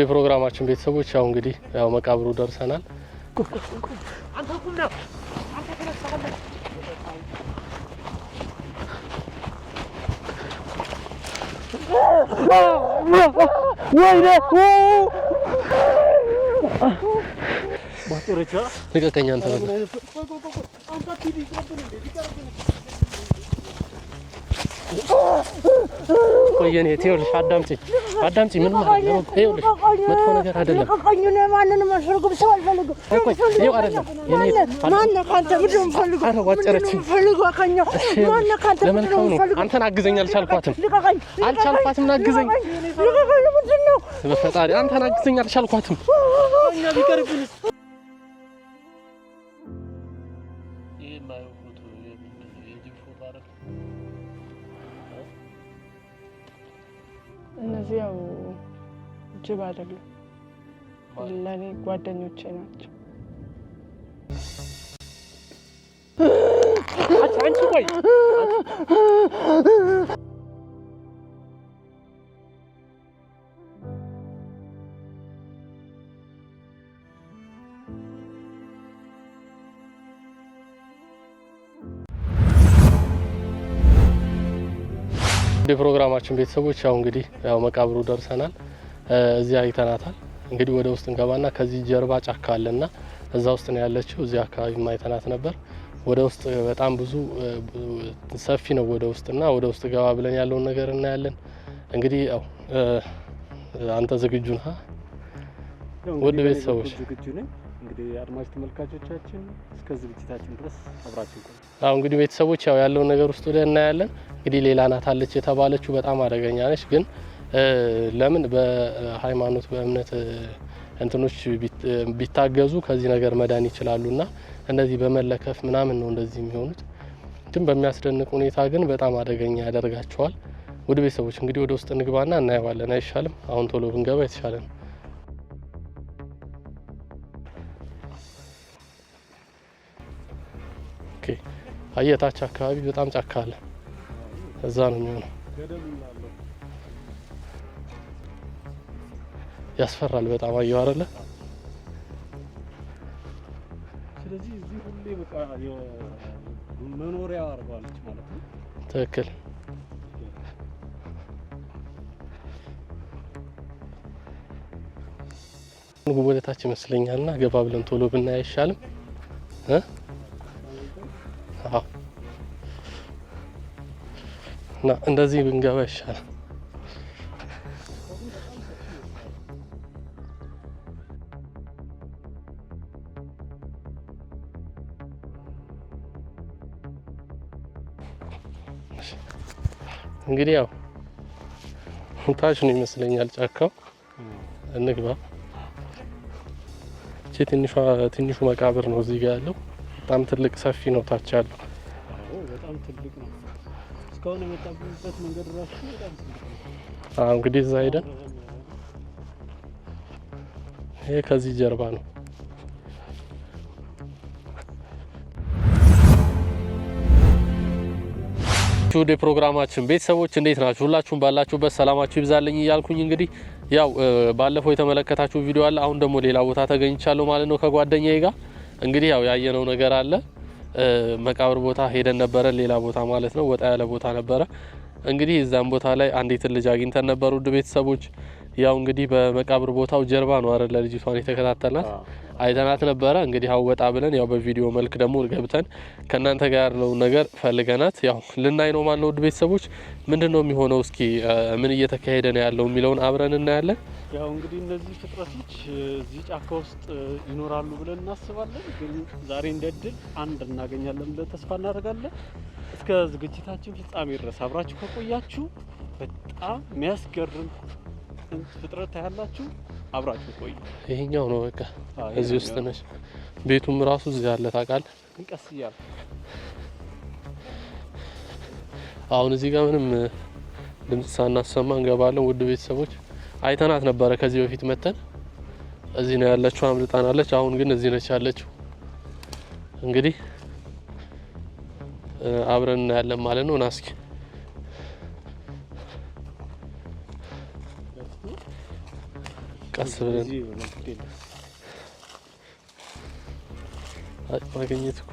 ውድ የፕሮግራማችን ቤተሰቦች ያው እንግዲህ ያው መቃብሩ ደርሰናል። ልቀቀኝ አንተ ቆይ እኔ ይኸውልሽ፣ አዳምጪ አዳምጪ። ምን ማለት ነው? ይኸውልሽ መጥፎ ነገር አይደለም። ማንንም አልፈልግም፣ ሰው አልፈልግም። አንተን አግዘኝ አልቻልኳትም፣ አልቻልኳትም። አግዘኝ በፈጣሪ አንተን አግዘኝ አልቻልኳትም። እነዚህ ያው ጅብ አይደሉም፣ ለእኔ ጓደኞቼ ናቸው። አንቺ ቆይ ውድ የፕሮግራማችን ቤተሰቦች ያው እንግዲህ ያው መቃብሩ ደርሰናል። እዚህ አይተናታል። እንግዲህ ወደ ውስጥ እንገባና ከዚህ ጀርባ ጫካ አለና እዛ ውስጥ ነው ያለችው። እዚያ አካባቢ ማይተናት ነበር። ወደ ውስጥ በጣም ብዙ ሰፊ ነው ወደ ውስጥና ወደ ውስጥ ገባ ብለን ያለውን ነገር እናያለን። እንግዲህ ያው አንተ ዝግጁ ነህ? ውድ ቤተሰቦች እንግዲህ አድማጭ ተመልካቾቻችን እስከ ዝግጅታችን ድረስ አብራችን ቆዩ። አሁን እንግዲህ ቤተሰቦች ያው ያለውን ነገር ውስጥ ወደ እናያለን። እንግዲህ ሌላ ናት አለች የተባለችው በጣም አደገኛ ነች። ግን ለምን በሃይማኖት በእምነት እንትኖች ቢታገዙ ከዚህ ነገር መዳን ይችላሉና እንደዚህ በመለከፍ ምናምን ነው እንደዚህ የሚሆኑት። ግን በሚያስደንቅ ሁኔታ ግን በጣም አደገኛ ያደርጋቸዋል። ውድ ቤተሰቦች እንግዲህ ወደ ውስጥ እንግባና እናየዋለን። አይሻልም? አሁን ቶሎ ብንገባ የተሻለ ነው። አየታች አካባቢ በጣም ጫካ አለ። እዛ ነው የሚሆነው። ያስፈራል በጣም አየሁ አይደለ? ስለዚህ እዚህ ሁሌ በቃ መኖሪያ ማለት ነው። ትክክል። ወደታች ይመስለኛልና ገባ ብለን ቶሎ ብናይ አይሻልም? እና እንደዚህ ብንገባ ይሻላል። እንግዲህ ያው ታች ነው ይመስለኛል ጫካው። እንግባ። እቺ ትንሹ መቃብር ነው እዚህ ጋር ያለው። በጣም ትልቅ ሰፊ ነው ታች ያለው። እስካሁን የመጣበት መንገድ ራሱ በጣም እንግዲህ እዛ ሄደን ይሄ ከዚህ ጀርባ ነው። ወደ ፕሮግራማችን ቤተሰቦች እንዴት ናችሁ? ሁላችሁም ባላችሁበት ሰላማችሁ ይብዛልኝ እያልኩኝ እንግዲህ ያው ባለፈው የተመለከታችሁ ቪዲዮ አለ። አሁን ደግሞ ሌላ ቦታ ተገኝቻለሁ ማለት ነው ከጓደኛዬ ጋር እንግዲህ ያው ያየነው ነገር አለ መቃብር ቦታ ሄደን ነበረ። ሌላ ቦታ ማለት ነው፣ ወጣ ያለ ቦታ ነበረ። እንግዲህ እዛም ቦታ ላይ አንዲት ልጅ አግኝተን ነበር። ውድ ቤተሰቦች ያው እንግዲህ በመቃብር ቦታው ጀርባ ነው አይደል ለልጅቷን የተከታተልናት አይተናት ነበረ። እንግዲህ አው ወጣ ብለን ያው በቪዲዮ መልክ ደግሞ ገብተን ከእናንተ ጋር ያለውን ነገር ፈልገናት ያው ልናይ ነው ማለት ነው። ውድ ቤተሰቦች ምንድን ነው የሚሆነው? እስኪ ምን እየተካሄደ ነው ያለው የሚለውን አብረን እናያለን። ያው እንግዲህ እነዚህ ፍጥረቶች እዚህ ጫካ ውስጥ ይኖራሉ ብለን እናስባለን። ግን ዛሬ እንደ እድል አንድ እናገኛለን ብለን ተስፋ እናደርጋለን። እስከ ዝግጅታችን ፍጻሜ ድረስ አብራችሁ ከቆያችሁ በጣም የሚያስገርም ፍጥረት ታያላችሁ። አብራችሁ ቆዩ። ይሄኛው ነው በቃ እዚህ ውስጥ ነሽ። ቤቱም ራሱ እዚህ ያለ ታውቃለህ። እንቀስ እያለ አሁን እዚህ ጋር ምንም ድምጽ ሳናሰማ እንገባለን። ውድ ቤተሰቦች አይተናት ነበረ ከዚህ በፊት መተን። እዚህ ነው ያለችው፣ አምልጣናለች። አሁን ግን እዚህ ነች ያለችው። እንግዲህ አብረን እናያለን ማለት ነው ናስኪ ቀስ ብለን ማግኘት እኮ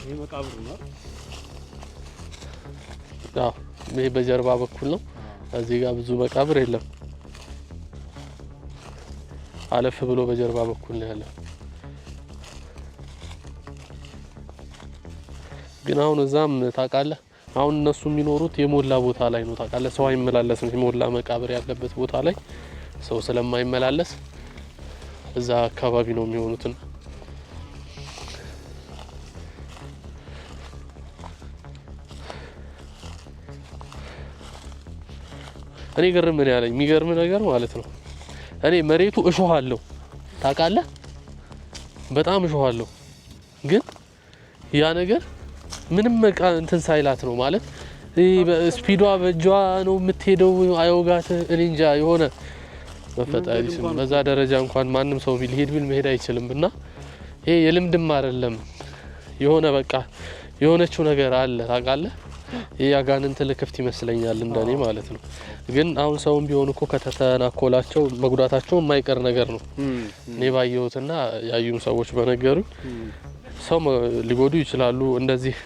ይሄ መቃብር ነው። ይሄ በጀርባ በኩል ነው። እዚህ ጋር ብዙ መቃብር የለም። አለፍ ብሎ በጀርባ በኩል ነው ያለው። ግን አሁን እዛም ታውቃለህ አሁን እነሱ የሚኖሩት የሞላ ቦታ ላይ ነው ታውቃለህ። ሰው አይመላለስም። የሞላ መቃብር ያለበት ቦታ ላይ ሰው ስለማይመላለስ እዛ አካባቢ ነው የሚሆኑትን እኔ ግርም ምን ያለኝ የሚገርም ነገር ማለት ነው። እኔ መሬቱ እሾህ አለው ታውቃለህ፣ በጣም እሾህ አለው። ግን ያ ነገር ምንም በቃ እንትን ሳይላት ነው ማለት ስፒዷ በእጇ ነው የምትሄደው። አይወጋት እኔ እንጃ የሆነ በፈጣሪ ስም በዛ ደረጃ እንኳን ማንም ሰው ሊሄድ ቢል መሄድ አይችልም። እና ይሄ የልምድም አይደለም የሆነ በቃ የሆነችው ነገር አለ ታውቃለህ። ይህ አጋንንት ልክፍት ይመስለኛል እንደኔ ማለት ነው። ግን አሁን ሰውም ቢሆን እኮ ከተተናኮላቸው መጉዳታቸው የማይቀር ነገር ነው። እኔ ባየሁትና ያዩም ሰዎች በነገሩኝ ሰው ሊጎዱ ይችላሉ እንደዚህ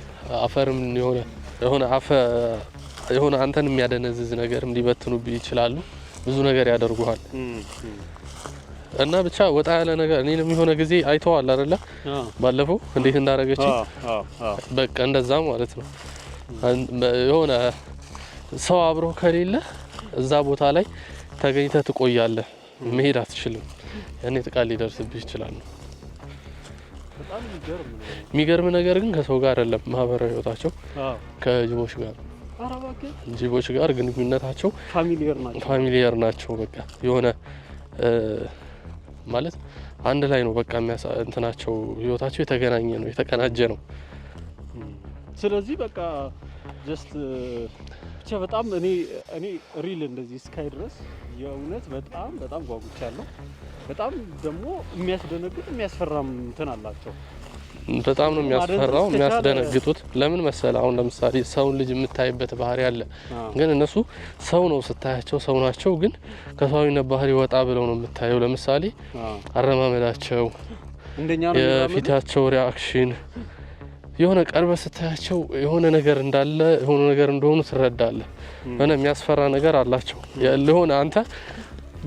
አፈርም የሆነ የሆነ አፈ የሆነ አንተን የሚያደነዝዝ ነገርም ሊበትኑብህ ይችላሉ። ብዙ ነገር ያደርጉሃል እና ብቻ ወጣ ያለ ነገር እኔንም የሆነ ጊዜ አይተዋል አይደለ? ባለፈው እንዴት እንዳደረገች በቃ እንደዛ ማለት ነው። የሆነ ሰው አብሮ ከሌለ እዛ ቦታ ላይ ተገኝተህ ትቆያለህ፣ መሄድ አትችልም። ያኔ ጥቃት ሊደርስብህ ይችላል። የሚገርም ነገር ግን ከሰው ጋር አይደለም ማህበራዊ ህይወታቸው ከጅቦች ጋር ጅቦች ጋር ግንኙነታቸው ፋሚሊየር ናቸው። በቃ የሆነ ማለት አንድ ላይ ነው በቃ እንትናቸው ህይወታቸው የተገናኘ ነው የተቀናጀ ነው። ስለዚህ በቃ ጀስት ብቻ በጣም እኔ እኔ ሪል እንደዚህ እስካይ ድረስ የእውነት በጣም በጣም ጓጉቻለሁ። በጣም ደግሞ የሚያስደነግጥ የሚያስፈራም እንትን አላቸው። በጣም ነው የሚያስፈራው የሚያስደነግጡት። ለምን መሰለ አሁን ለምሳሌ ሰውን ልጅ የምታይበት ባህሪ አለ፣ ግን እነሱ ሰው ነው ስታያቸው ሰው ናቸው፣ ግን ከሰውነት ባህሪ ወጣ ብለው ነው የምታየው። ለምሳሌ አረማመዳቸው፣ የፊታቸው ሪያክሽን የሆነ ቀርበ ስታያቸው የሆነ ነገር እንዳለ የሆነ ነገር እንደሆኑ ትረዳለህ። ሆነ የሚያስፈራ ነገር አላቸው ለሆነ አንተ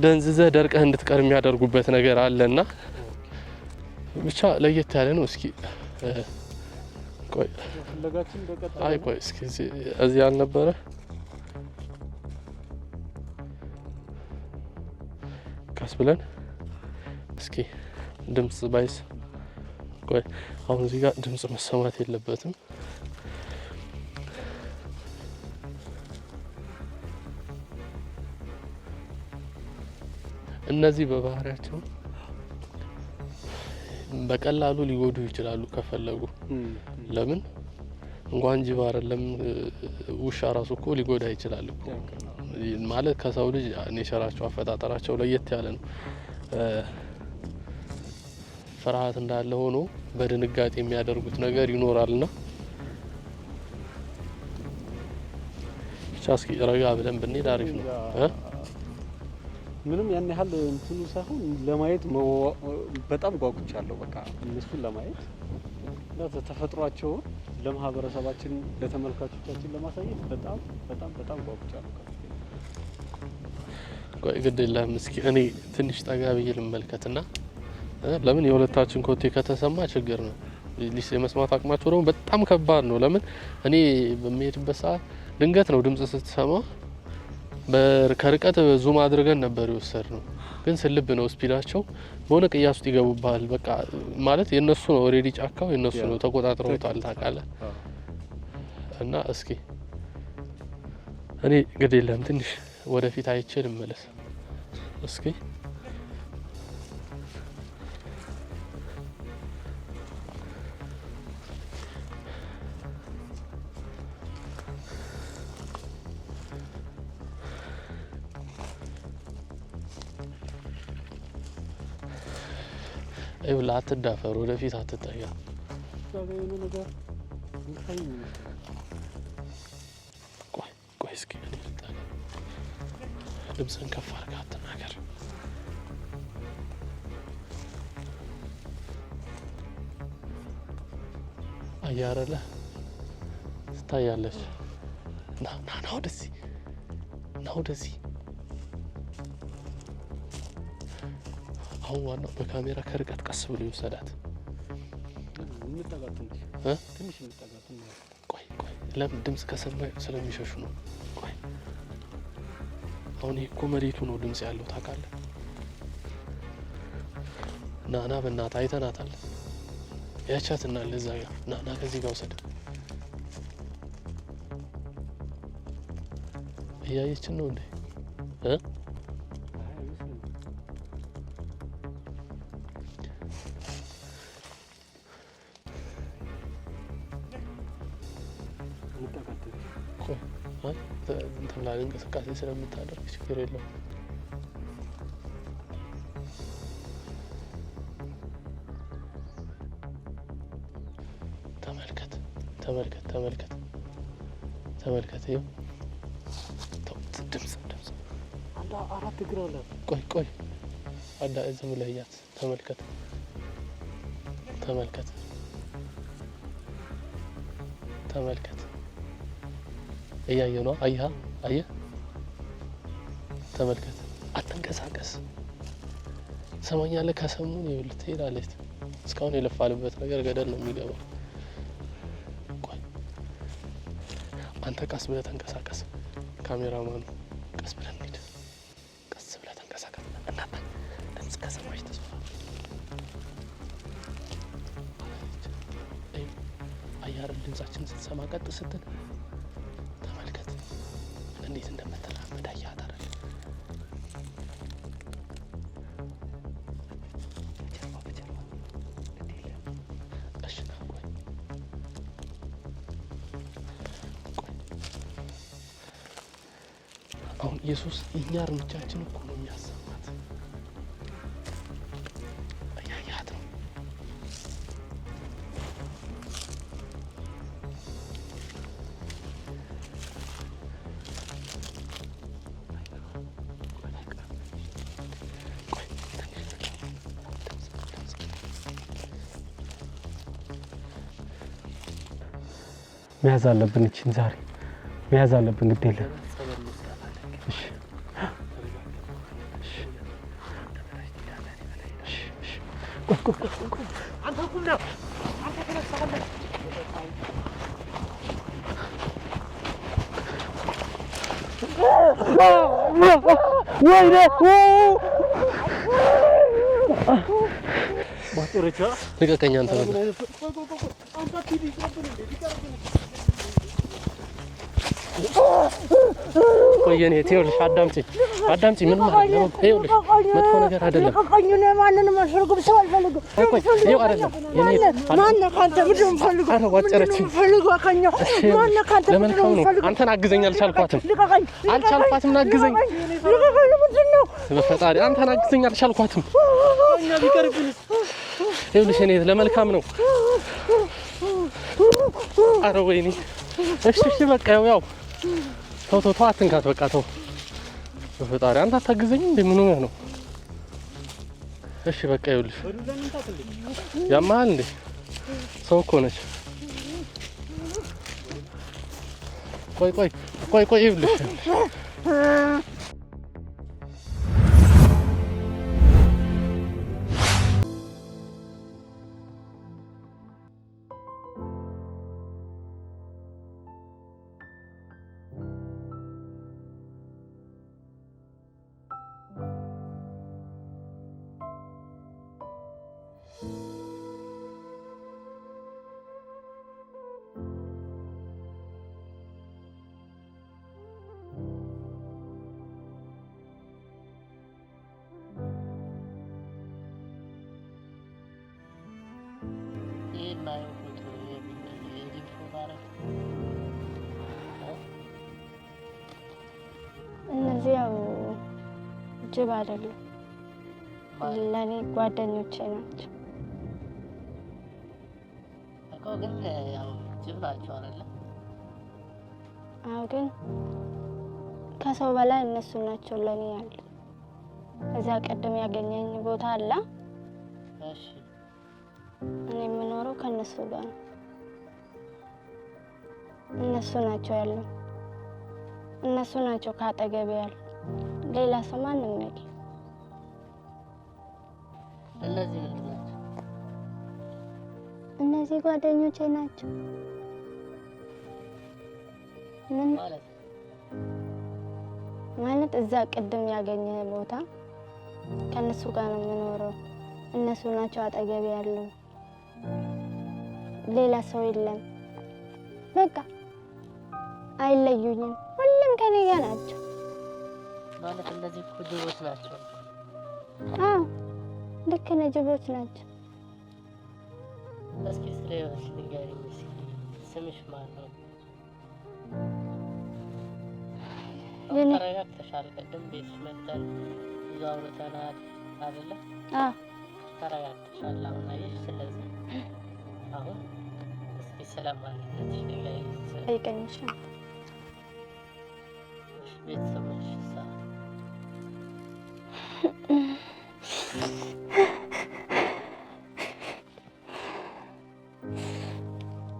ደንዝዘ ደርቀህ እንድትቀር የሚያደርጉበት ነገር እና ብቻ ለየት ያለ ነው። እስኪ ቆይ ቆይ እስኪ እዚህ አልነበረ ቀስ ብለን እስኪ ድምጽ ባይስ ቆይ አሁን እዚህ ጋር ድምፅ መሰማት የለበትም። እነዚህ በባህሪያቸው በቀላሉ ሊጎዱ ይችላሉ ከፈለጉ። ለምን እንኳን ጅብ አይደለም ውሻ ራሱ እኮ ሊጎዳ ይችላል ማለት ከሰው ልጅ ኔቸራቸው አፈጣጠራቸው ለየት ያለ ነው። ፍርሃት እንዳለ ሆኖ በድንጋጤ የሚያደርጉት ነገር ይኖራልና ብቻ እስኪ ረጋ ብለን ብንሄድ አሪፍ ነው። ምንም ያን ያህል እንትኑ ሳይሆን ለማየት በጣም ጓጉቻለሁ። በቃ እነሱን ለማየት ተፈጥሯቸውን ለማህበረሰባችን ለተመልካቾቻችን ለማሳየት በጣም በጣም በጣም ጓጉቻለሁ። ቆይ ግድ የለም እስኪ እኔ ትንሽ ጠጋ ብዬ ልመልከትና ለምን የሁለታችን ኮቴ ከተሰማ ችግር ነው። የመስማት አቅማቸው ደግሞ በጣም ከባድ ነው። ለምን እኔ በሚሄድበት ሰዓት ድንገት ነው ድምጽ ስትሰማ ከርቀት ዙም አድርገን ነበር የወሰድ ነው። ግን ስልብ ነው ስፒዳቸው በሆነ ቅያስ ውስጥ ይገቡባል። በቃ ማለት የነሱ ነው ኦልሬዲ ጫካው የነሱ ነው ተቆጣጥረውታል። ታውቃለህ። እና እስኪ እኔ ግድ የለም ትንሽ ወደፊት አይችል መለስ እስኪ ይብላ አትዳፈር፣ ወደፊት አትጠጋ። ልብስን ከፍ አድርገህ አትናገር። አያረለ ትታያለች። ና ና ና ወደዚህ ና ወደዚህ አሁን ዋናው በካሜራ ከርቀት ቀስ ብሎ ይወሰዳት። ቆይ ቆይ፣ ለምን ድምፅ ከሰማይ ስለሚሸሹ ነው። ቆይ አሁን ይሄ እኮ መሬቱ ነው ድምፅ ያለው ታውቃለህ። ናና በእናትህ አይተናታል። ያቻትና ለዛ ጋ ናና ከዚህ ጋር ውሰድ። እያየችን ነው እንዴ? ተምላ እንቅስቃሴ ስለምታደርግ ችግር የለው። ተመልከት ተመልከት ተመልከት ተመልከት ይኸው ቆይ ቆይ አዳ ዝም ለያት። ተመልከት ተመልከት ተመልከት እያየ ነው። አይሃ አየ ተመልከት። አትንቀሳቀስ። ሰማኛለህ? ከሰሙን ይኸውልህ ትሄዳለች። እስካሁን የለፋልበት ነገር ገደል ነው የሚገባው። አንተ ቀስ ብለህ ተንቀሳቀስ። ካሜራማኑ ቀስ ብለህ እንሂድ። ቀስ ብለህ ተንቀሳቀስ። እናንተ ድምጽ ከሰማች ተስፋ አያርን ድምጻችን ስትሰማ ቀጥ ስትል እኛ እርምጃችን እኮ ነው የሚያሰማት። እያያት ነው። መያዝ አለብን። ይችን ዛሬ መያዝ አለብን። ግድ የለም ወይኔ ልቀቀኝ አንተ ቆይ እኔ ይኸውልሽ፣ አዳምጪኝ አዳምጪኝ። ምን ማለት ነው? ይኸውልሽ መጥፎ ነገር አይደለም። ማንንም አልፈልግም፣ አንተን አግዘኝ አልቻልኳትም፣ አልቻልኳትም። አግዘኝ በፈጣሪ አንተን አግዘኝ አልቻልኳትም። ይኸውልሽ እኔ ለመልካም ነው። ኧረ ወይኔ እሺ፣ እሺ፣ በቃ ያው ተው ተው ተው፣ አትንካት በቃ ተው። በፈጣሪ አንተ አታግዘኝ እንዴ? ምን ሆነህ ነው? እሺ በቃ ይኸውልሽ፣ ያማሃል እንዴ? ሰው እኮ ነች። ቆይ ቆይ ቆይ ቆይ፣ ይኸውልሽ ብዙ ያው ጅብ አይደለም ለኔ ጓደኞቼ ናቸው። አዎ፣ ግን ከሰው በላይ እነሱ ናቸው ለኔ እዛ ቀደም ያገኘኝ ቦታ አለ። እኔ የምኖረው ከእነሱ ጋር ነው። እነሱ ናቸው እነሱ ናቸው ካጠገብ ያሉ። ሌላ ሰው ማንም ያውቅ እነዚህ ጓደኞቼ ናቸው። ምን ማለት እዛ ቅድም ያገኘ ቦታ ከእነሱ ጋር ነው የምኖረው። እነሱ ናቸው አጠገብ ያሉ። ሌላ ሰው የለም በቃ አይለዩኝም። ሁሉም ከኔ ጋር ናቸው ማለት እነዚህ ጅቦች ናቸው። አዎ ልክ ነህ፣ ጅቦች ናቸው። እስኪ ስለ ሕይወትሽ ንገሪኝ። ስምሽ ማን ነው? ተረጋግተሻል። ቅድም ቤትሽ መጠን ብዙ አውርተናል አይደለ? ተረጋግተሻል አሁን አየሽ። ስለዚህ አሁን እስኪ ስለማንነትሽ ንገሪኝ። ቤተሰቦች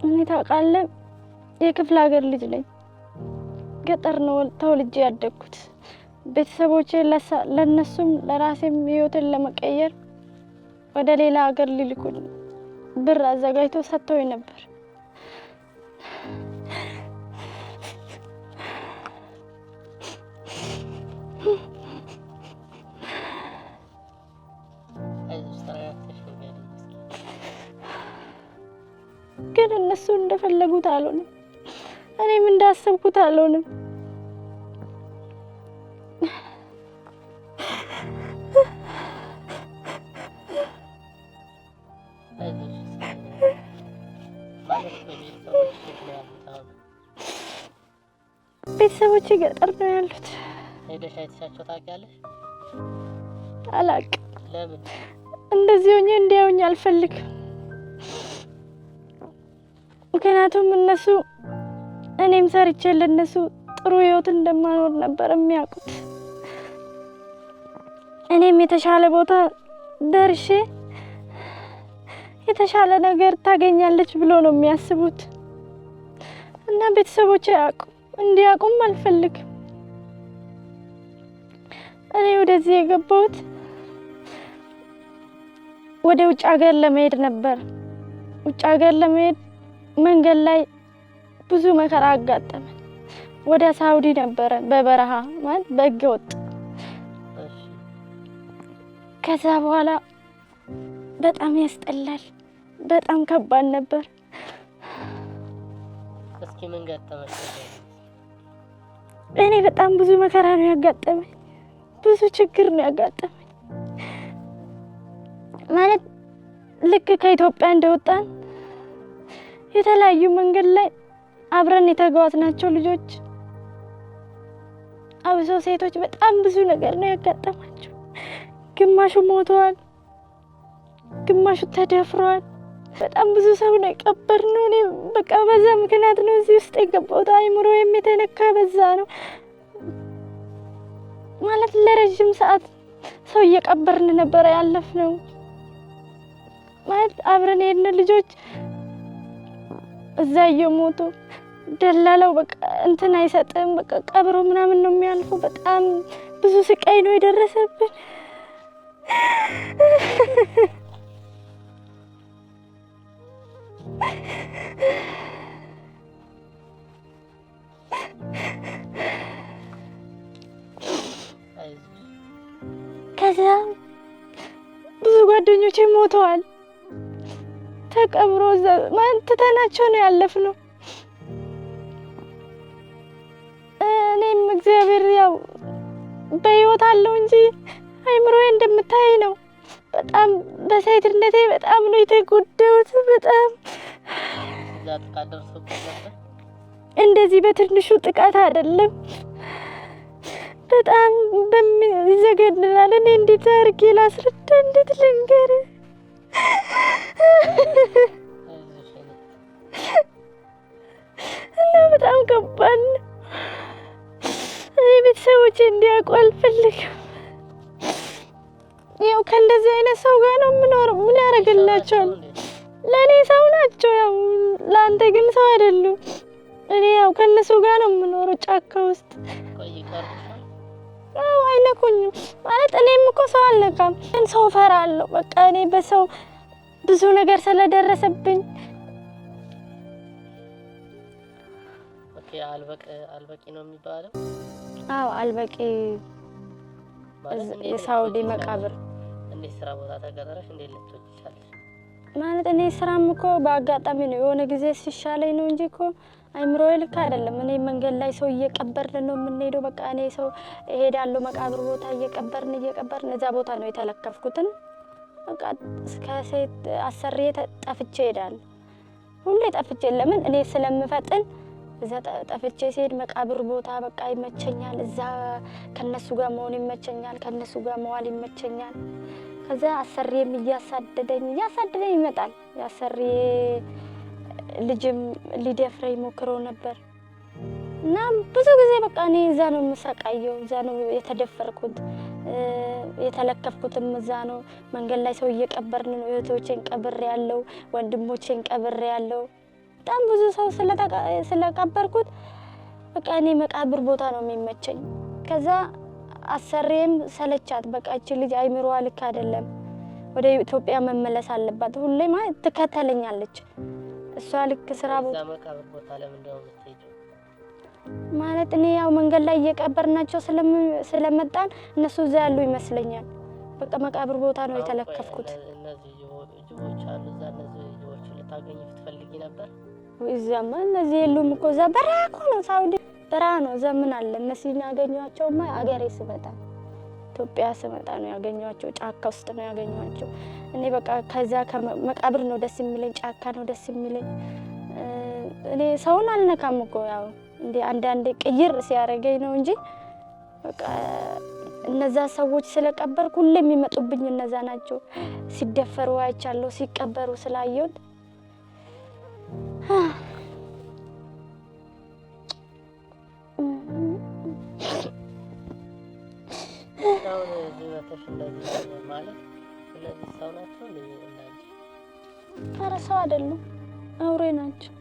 እኔ ታውቃለህ የክፍለ ሀገር ልጅ ነኝ። ገጠር ነው ተወልጄ ያደግኩት። ቤተሰቦቼ ለእነሱም ለራሴም ህይወትን ለመቀየር ወደ ሌላ ሀገር ሊልኩን ብር አዘጋጅቶ ሰጥቶኝ ነበር። እነሱ እንደፈለጉት አልሆነም፣ እኔም እንዳሰብኩት አልሆነም። ቤተሰቦች ገጠር ነው ያሉት። ሄደሽ አይተሻቸው ታውቂያለሽ? አላውቅም። ለምን እንደዚህ ሆኜ እንዲያውኝ አልፈልግም። ምክንያቱም እነሱ እኔም ሰርቼ ለነሱ ጥሩ ህይወት እንደማኖር ነበር የሚያውቁት። እኔም የተሻለ ቦታ ደርሼ የተሻለ ነገር ታገኛለች ብሎ ነው የሚያስቡት እና ቤተሰቦች ያውቁ እንዲያውቁም አልፈልግም። እኔ ወደዚህ የገባሁት ወደ ውጭ ሀገር ለመሄድ ነበር። ውጭ ሀገር ለመሄድ መንገድ ላይ ብዙ መከራ አጋጠመን። ወደ ሳውዲ ነበረ በበረሃ ማለት በህገ ወጥ። ከዛ በኋላ በጣም ያስጠላል፣ በጣም ከባድ ነበር። እስኪ ምን ገጠመሽ? እኔ በጣም ብዙ መከራ ነው ያጋጠመኝ፣ ብዙ ችግር ነው ያጋጠመኝ። ማለት ልክ ከኢትዮጵያ እንደወጣን የተለያዩ መንገድ ላይ አብረን ናቸው ልጆች አብሶ ሴቶች በጣም ብዙ ነገር ነው ያጋጠማቸው። ግማሹ ሞተዋል፣ ግማሹ ተደፍረዋል። በጣም ብዙ ሰው ነው ነው። እኔ በቃ በዛ ምክንያት ነው እዚህ ውስጥ የገባሁት። አይምሮ የተነካ በዛ ነው ማለት ለረዥም ሰዓት ሰው እየቀበርን ነበረ ነው ማለት አብረን የሄድን ልጆች እዛ እየሞቱ ደላላው በቃ እንትን አይሰጥም። በቃ ቀብሮ ምናምን ነው የሚያልፉ። በጣም ብዙ ስቃይ ነው የደረሰብን። ከዚያም ብዙ ጓደኞቼ ሞተዋል። ተቀብሮ ትተናቸው ነው ያለፍ ነው እኔም እግዚአብሔር ያው በህይወት አለው እንጂ አይምሮዬ እንደምታይ ነው። በጣም በሳይድነቴ በጣም ነው የተጎዳሁት። በጣም እንደዚህ በትንሹ ጥቃት አይደለም፣ በጣም ይዘገንናል። እኔ እንዴት አድርጌ ላስረዳ? እንዴት ልንገርህ? እና በጣም ከባድ ነው። እኔ ቤተሰቦቼ እንዲያውቁ አልፈልግም። ያው ከእንደዚህ አይነት ሰው ጋር ነው የምኖረው። ምን ያደርግላቸዋል? ለእኔ ሰው ናቸው፣ ያው ለአንተ ግን ሰው አይደሉም። እኔ ያው ከእነሱ ጋር ነው የምኖረው ጫካ ውስጥ አልነኩኝም ማለት እኔም እኮ ሰው አልነካም፣ ግን ሰው እፈራለሁ። በቃ እኔ በሰው ብዙ ነገር ስለደረሰብኝ አልበቂ ነው የሚባለው። አዎ አልበቂ የሳውዲ መቃብር ስራ ቦታ ተቀጠረሽ እንዴት ልትወጪ ቻለሽ? ማለት እኔ ስራም እኮ በአጋጣሚ ነው የሆነ ጊዜ ሲሻለኝ ነው እንጂ እኮ አይምሮዬ ልክ አይደለም። እኔ መንገድ ላይ ሰው እየቀበርን ነው የምንሄደው። በቃ እኔ ሰው እሄዳለሁ መቃብር ቦታ እየቀበርን እየቀበርን እዛ ቦታ ነው የተለከፍኩትን በቃ ከሴት አሰሬ ጠፍቼ እሄዳለሁ። ሁሌ ጠፍቼ ለምን እኔ ስለምፈጥን እዛ ጠፍቼ ሲሄድ መቃብር ቦታ በቃ ይመቸኛል። እዛ ከነሱ ጋር መሆን ይመቸኛል። ከነሱ ጋር መዋል ይመቸኛል። ከዛ አሰሬም እያሳደደኝ እያሳደደኝ ይመጣል ያሰሬ ልጅም ሊደፍረ ሞክሮ ነበር እና ብዙ ጊዜ በቃ እኔ እዛ ነው የምሰቃየው፣ እዛ ነው የተደፈርኩት፣ የተለከፍኩትም እዛ ነው። መንገድ ላይ ሰው እየቀበርን ነው። እህቶቼን ቀብሬ ያለው፣ ወንድሞቼን ቀብሬ ያለው። በጣም ብዙ ሰው ስለቀበርኩት በቃ እኔ መቃብር ቦታ ነው የሚመቸኝ። ከዛ አሰሬም ሰለቻት። በቃ እቺ ልጅ አይምሮዋ ልክ አይደለም፣ ወደ ኢትዮጵያ መመለስ አለባት። ሁሌ ማለት ትከተለኛለች እሷ ልክ ስራ ማለት እኔ ያው መንገድ ላይ እየቀበርናቸው ስለመጣን እነሱ እዛ ያሉ ይመስለኛል። በቃ መቃብር ቦታ ነው የተለከፍኩት። እዛማ እነዚህ የሉም እኮ እዛ በረሃ እኮ ነው ሳውዲ በረሃ ነው። እዛ ምን አለ እነሱን ያገኟቸውማ አገሬ ስመጣ ኢትዮጵያ ስመጣ ነው ያገኘኋቸው። ጫካ ውስጥ ነው ያገኘኋቸው። እኔ በቃ ከዚያ መቃብር ነው ደስ የሚለኝ፣ ጫካ ነው ደስ የሚለኝ። እኔ ሰውን አልነካም እኮ ያው እንደ አንዳንዴ ቅይር ሲያደርገኝ ነው እንጂ በቃ እነዛ ሰዎች ስለቀበር ሁሌ የሚመጡብኝ እነዛ ናቸው። ሲደፈሩ አይቻለሁ፣ ሲቀበሩ ስላየሁት አሁን እዚህ መተሽ እንደዚህ ማለት ስለዚህ ሰው ናቸው ልዩ እናንቺ ኧረ ሰው አይደሉም አውሬ ናቸው።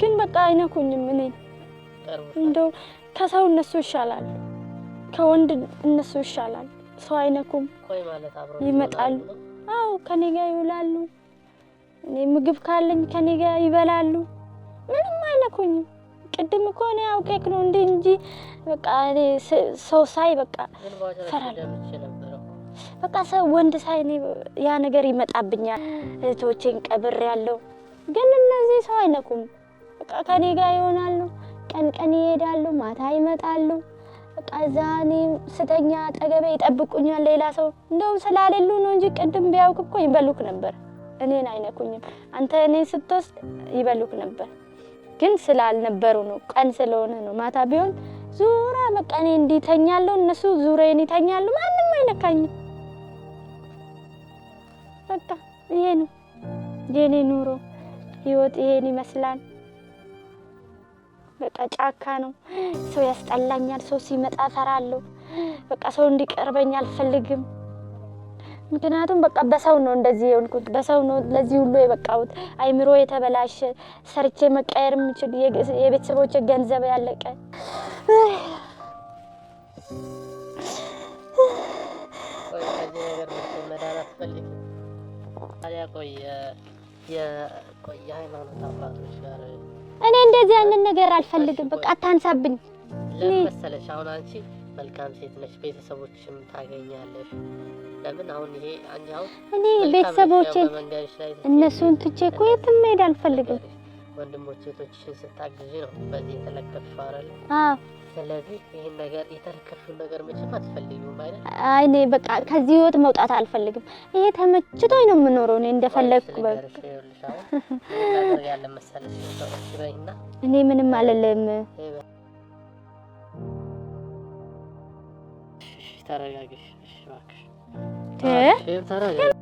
ግን በቃ አይነኩኝም። እኔ እንደው ከሰው እነሱ ይሻላል፣ ከወንድ እነሱ ይሻላል። ሰው አይነኩም፣ ይመጣሉ። አዎ ከኔ ጋር ይውላሉ። እኔ ምግብ ካለኝ ከኔ ጋር ይበላሉ። ምንም አይነኩኝም። ቅድም እኮ እኔ አውቄክ ነው እንደ እንጂ በቃ እኔ ሰው ሳይ በቃ እፈራለሁ። በቃ ሰው ወንድ ሳይ እኔ ያ ነገር ይመጣብኛል። እህቶቼን ቀብር ያለው ግን እነዚህ ሰው አይነኩም። በቃ ከኔ ጋር ይሆናሉ። ቀን ቀን ይሄዳሉ፣ ማታ ይመጣሉ። በቃ እዛ እኔ ስተኛ አጠገቤ ይጠብቁኛል። ሌላ ሰው እንደውም ስላሌሉ ነው እንጂ ቅድም ቢያውቅ እኮ ይበሉክ ነበር። እኔን አይነኩኝም። አንተ እኔ ስትወስድ ይበሉክ ነበር። ግን ስላልነበሩ ነው። ቀን ስለሆነ ነው። ማታ ቢሆን ዙራ መቀኔ እንዲተኛለሁ፣ እነሱ ዙሬን ይተኛሉ። ማንም አይነካኝም። በቃ ይሄ ነው የኔ ኑሮ ህይወት፣ ይሄን ይመስላል። በቃ ጫካ ነው። ሰው ያስጠላኛል። ሰው ሲመጣ ፈራለሁ። በቃ ሰው እንዲቀርበኝ አልፈልግም። ምክንያቱም በቃ በሰው ነው እንደዚህ የሆንኩት፣ በሰው ነው ለዚህ ሁሉ የበቃሁት። አይምሮ የተበላሸ ሰርቼ መቀየር የምችል የቤተሰቦች ገንዘብ ያለቀ እኔ እንደዚህ ያንን ነገር አልፈልግም። በቃ አታንሳብኝ። መሰለሽ አሁን አንቺ መልካም ሴት ነሽ፣ ቤተሰቦችም ታገኛለሽ። ለምን አሁን ይሄ አንጃው እኔ ቤተሰቦቼ እነሱን ትቼ እኮ የትም መሄድ አልፈልግም። ወንድሞች እህቶችሽን ስታግዥ ነው በዚህ የተለከፍሽ አይደል? አዎ። ስለዚህ ይህን ነገር የተለከፍሽውን ነገር መቼም አትፈልጊውም አይደል? አይ እኔ በቃ ከዚህ ህይወት መውጣት አልፈልግም። ይሄ ተመችቶኝ ነው የምኖረው። እኔ እንደፈለግኩ በቃ ያለ እኔ ምንም አልልም። ተረጋግሽ፣ እባክሽ